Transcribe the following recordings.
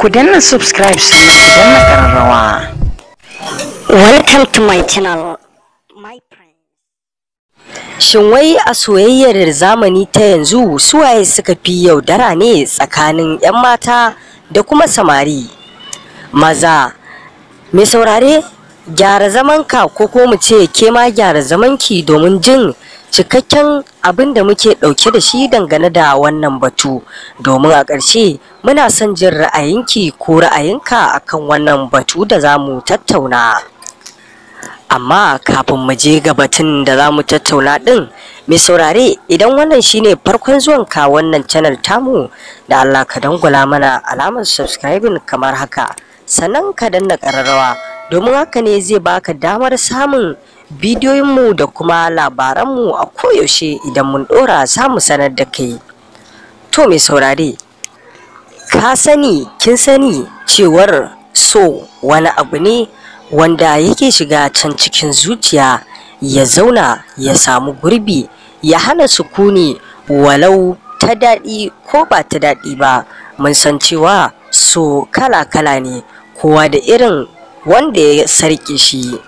ku danna subscribe sannan ku danna ƙararrawa welcome to my channel my Shin wai a soyayyar zamani ta yanzu su waye suka fi yaudara ne tsakanin 'yan mata da kuma samari maza mai saurare gyara zamanka ko ko mu ce ke ma gyara zamanki domin jin cikakken abin da muke ɗauke da shi dangane da wannan batu domin a ƙarshe muna son jin ra'ayinki ko ra'ayinka akan wannan batu da za mu tattauna amma kafin mu je ga batun da za mu tattauna din, mai saurare idan wannan shine farkon zuwan ka wannan channel tamu da allah ka dangula mana alamar subscribing kamar haka sannan ka danna ƙararrawa domin haka ne zai baka damar samun bidiyoyinmu da kuma labaranmu a koyaushe idan mun ɗora za sanar da kai. To mai saurare, ka sani kin sani cewar so wani abu ne wanda yake shiga can cikin zuciya ya zauna ya samu gurbi ya hana sukuni walau ta daɗi ko ba ta daɗi ba mun san cewa so kala-kala ne kowa da irin wanda ya sarki shi.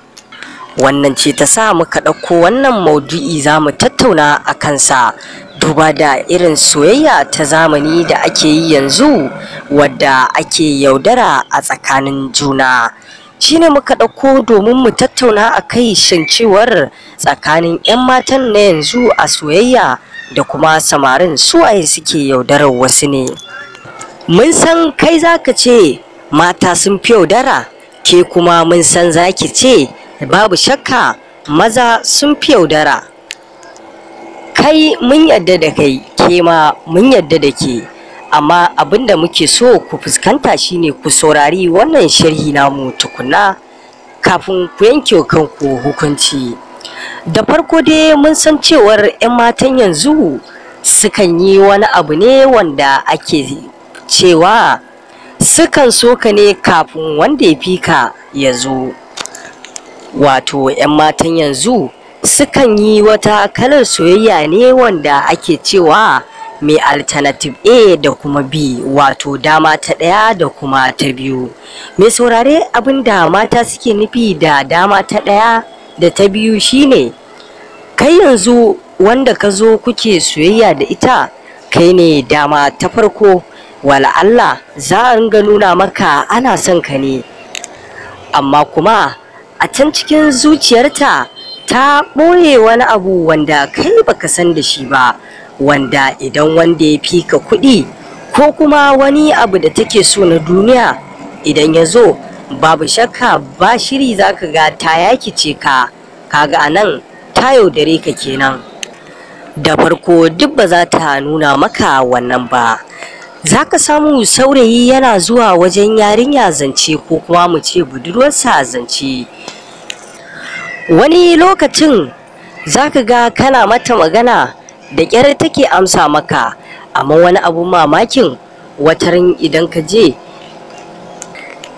wannan ce ta sa muka ɗauko wannan maudu'i za mu tattauna a kansa duba da irin soyayya ta zamani da ake yi yanzu wadda ake yaudara a tsakanin juna shine muka ɗauko domin mu tattauna a kai shancewar tsakanin 'yan matan na yanzu a soyayya da kuma samarin suwaye suke yaudarar wasu ne mun san kai za ka ce mata sun fi yaudara ke kuma mun san za ki ce babu shakka maza sun fi yaudara kai mun yadda da kai ke ma mun yadda da ke amma abinda muke so ku fuskanta shine ku saurari wannan sharhi namu tukuna, kafin ku yanke kanku hukunci da farko dai mun san cewar 'yan matan yanzu sukan yi wani abu ne wanda ake cewa sukan so ka ne kafin wanda ya fi ka ya zo wato 'yan matan yanzu sukan yi wata kalar soyayya ne wanda ake cewa mai alternative A da kuma B wato dama ta ɗaya da kuma ta biyu. Mai saurare abin da mata suke nufi da dama ta ɗaya da ta biyu shine kai yanzu wanda ka zo kuke soyayya da ita kai ne dama ta farko wala Allah za a ringa nuna maka ana son ka ne amma kuma a can cikin zuciyarta ta ɓoye wani abu wanda kai baka san da shi ba wanda idan wanda ya fi ka kuɗi ko kuma wani abu da take so na duniya idan ya zo babu shakka ba shiri za ka ga ta yaki, yakice ka kaga a nan ta yaudare ka kenan da farko duk ba za ta nuna maka wannan ba za ka samu saurayi yana zuwa wajen yarinya zance ko kuma mu ce budurwarsa zance wani lokacin za ka ga kana mata magana da ƙyar take amsa maka amma wani abu mamakin watarin idan ka je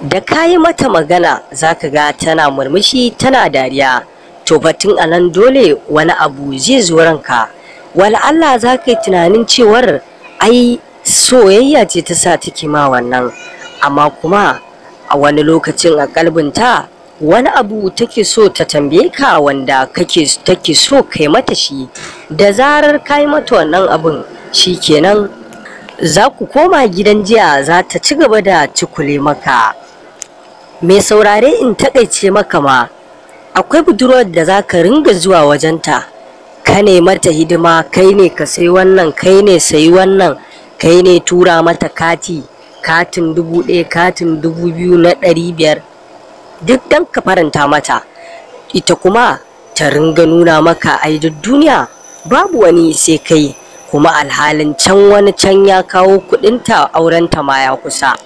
da ka mata magana za ka ga tana murmushi tana dariya to batun a nan dole wani abu zai zo ranka wala Allah za ka yi tunanin cewar ai soyayya ce ta sa take ma wannan amma kuma a wani lokacin a kalbinta wani abu take so ta tambaye ka wanda kake take so kai mata shi da zarar kai mata wannan abun shikenan za ku koma gidan jiya za ta ci gaba da cikule maka mai saurare in takaice maka ma akwai budurwar da za ka ringa zuwa wajenta ka ne mata hidima kai ne ka sai wannan kai ne sayi wannan kai ne tura mata kati katin dubu ɗaya katin dubu biyu na ɗari biyar duk dan ka faranta mata ita kuma ta ringa nuna maka ai duk duniya babu wani sai kai kuma alhalin can wani can ya kawo kudinta aurenta ma ya kusa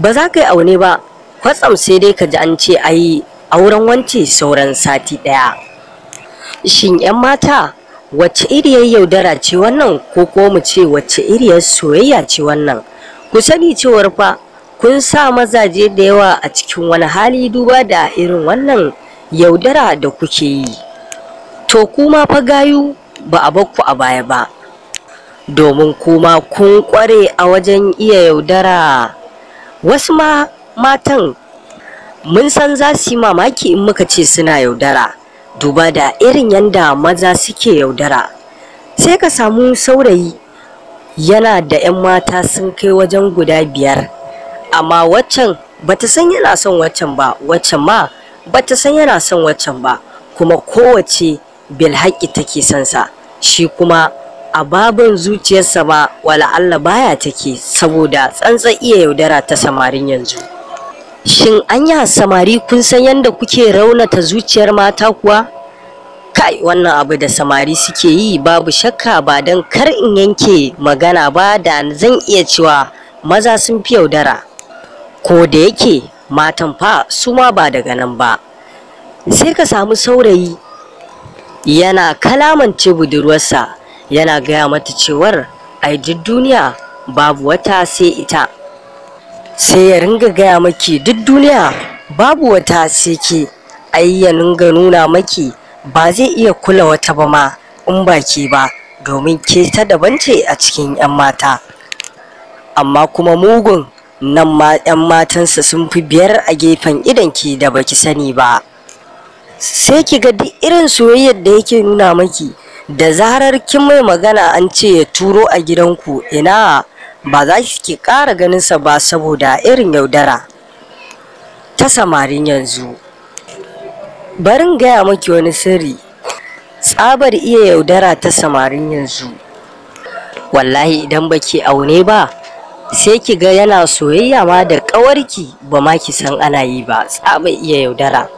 ba za ka yi aune ba kwatsam sai dai ka ji an ce ai auren wance sauran sati ɗaya shin 'yan mata wacce iriyar yaudara ce wannan ko ko mu ce wacce iriyar soyayya ce wannan ku sani cewar fa kun sa mazaje da yawa a cikin wani hali duba da irin wannan yaudara da kuke yi to kuma fa gayu ba a bakku a baya ba domin kuma kun kware a wajen iya yaudara wasu ma matan mun san za su yi mamaki in muka ce suna yaudara duba da irin yanda maza suke yaudara sai ka samu saurayi yana da 'yan mata sun kai wajen guda biyar amma waccan bata san yana son waccan ba waccan ma bata san yana son waccan ba kuma kowace bilhaƙi take son sa shi kuma a babin zuciyarsa ba wala Allah baya take saboda tsantsan iya yaudara ta samarin yanzu Shin anya samari kun san yadda kuke raunata zuciyar mata kuwa? Kai wannan abu da samari suke yi babu shakka ba don kar in yanke magana ba da zan iya cewa maza sun fi yaudara. Ko da yake matan fa su ma ba daga nan ba. Sai ka samu saurayi yana kalamance budurwarsa yana gaya mata cewar ai duk duniya babu wata sai ita. sai ya ringa gaya maki duk duniya babu wata sai ke ai ya ringa nuna maki ba zai iya kula wata ba ma in ba ke ba domin ke ta daban ce a cikin 'yan mata amma kuma mugun nan ma 'yan matansa sun fi biyar a gefen idan ki da baki sani ba sai ki ga duk irin soyayyar da yake nuna maki da zarar kin mai magana an ce ya turo a gidanku ina ba za ki ƙara ganinsa ba saboda irin yaudara ta samarin yanzu barin gaya maki wani sirri tsabar iya yaudara ta samarin yanzu wallahi idan baki aune ba sai ki ga yana soyayya ma da ƙawarki ba ma ki san ana yi ba tsabar iya yaudara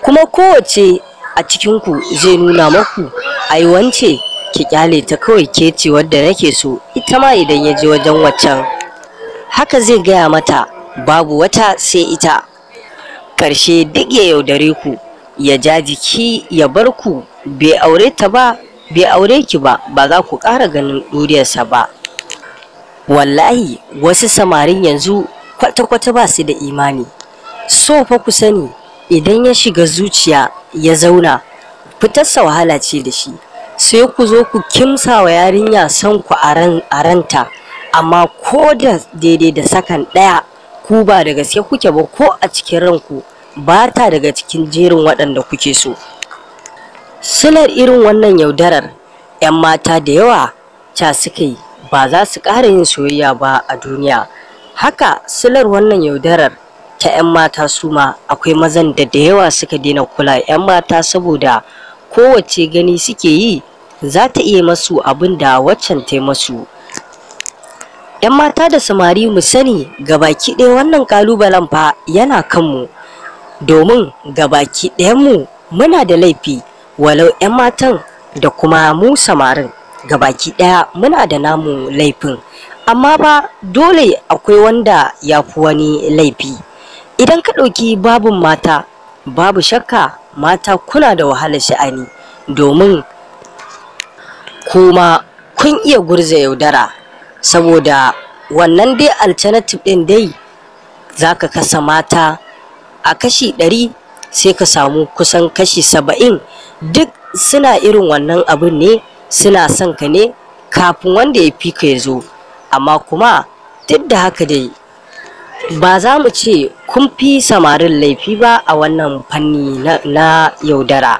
kuma kowace a cikinku zai nuna maku ai wance ki kyale ta kawai ke ce wadda nake so ita ma idan ya je wajen waccan haka zai gaya mata babu wata sai ita Karshe duk ya yaudare ku ya ja jiki ya bar ku bai aure ta ba bai aure ki ba ba za ku ƙara ganin duriyarsa ba wallahi wasu samarin yanzu kwata-kwata ba su da imani so fa ku sani idan ya shiga zuciya ya zauna fitarsa wahala ce da shi sai ku zo ku kimsa wa yarinya son ku a ranta amma ko da daidai da sakan ɗaya ku ba da gaske kuke ba ko a cikin ranku ba ta daga cikin jerin waɗanda kuke so silar irin wannan yaudarar 'yan mata da yawa ta suka yi ba za su ƙara yin soyayya ba a duniya haka silar wannan yaudarar ta 'yan mata su ma akwai mazan da da yawa suka daina kula 'yan mata saboda kowace gani suke yi za ta iya masu abin da waccan ta masu ‘yan mata da samari mu sani ga baki ɗaya wannan kalubalen fa yana kanmu domin gabaki mu muna da laifi walau 'yan matan da kuma mu samarin ga baki ɗaya muna da namu laifin amma ba dole akwai wanda ya fi wani laifi idan ka ɗauki babin mata babu shakka mata kuna da wahalar sha'ani domin kuma kun iya gurza yaudara saboda wannan dai alternative ɗin dai za ka kasa mata a kashi ɗari sai ka samu kusan kashi saba'in duk suna irin wannan abin ne suna son ka ne kafin wanda ya fi ka ya zo amma kuma duk da haka dai ba za mu ce kun fi samarin laifi ba a wannan fanni na yaudara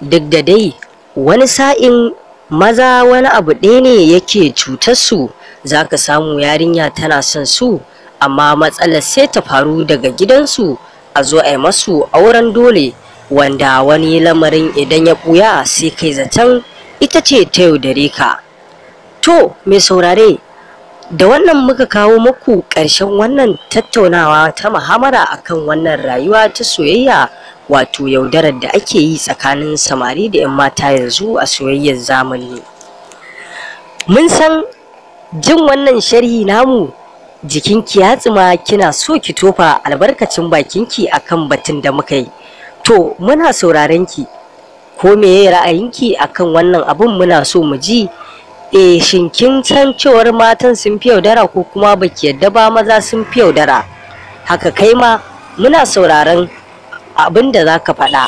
duk da dai wani sa'in maza wani abu ɗaya ne yake cutar su za ka samu yarinya tana son su amma matsalar sai ta faru daga gidansu a zo a yi masu auren dole wanda wani lamarin idan ya ɓuya sai kai zaton ita ce ta yaudare ka to mai saurare da wannan muka kawo muku ƙarshen wannan tattaunawa ta muhammara akan wannan rayuwa ta soyayya wato yaudarar da ake yi tsakanin samari da 'yan mata yanzu a soyayyar zamani mun san jin wannan sharhi namu jikinki ya tsima kina so ki tofa albarkacin bakin ki akan batun da muka yi to muna sauraron ki ko meye ra'ayinki akan wannan abun muna so mu ji eh shin kin san cewar matan sun fi yaudara ko kuma baki yadda ba maza sun fi yaudara haka kai ma muna sauraron abin da za ka faɗa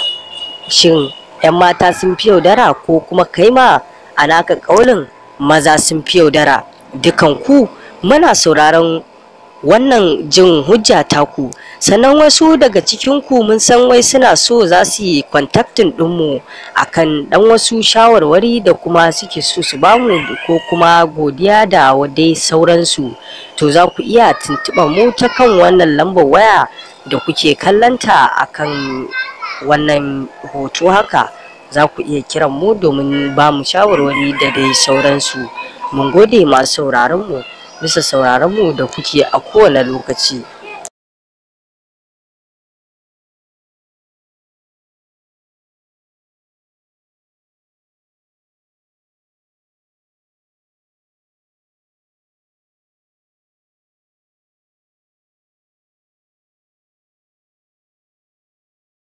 shin 'yan mata sun fi yaudara ko kuma kai ma a naka ƙaunin maza sun fi yaudara dukan ku muna sauraron wannan jin hujja taku sannan wasu daga cikin ku mun san wai suna so za su yi kwantaktin ɗinmu akan ɗan wasu shawarwari da kuma suke so su bamu ko kuma godiya da wadai sauransu to za ku iya tuntuɓa mu ta kan wannan lambar waya da kuke kallanta akan wannan hoto haka za ku iya kiran mu domin bamu shawarwari da dai sauransu mun gode masu sauraron mu bisa sauraron mu da kuke a kowane lokaci.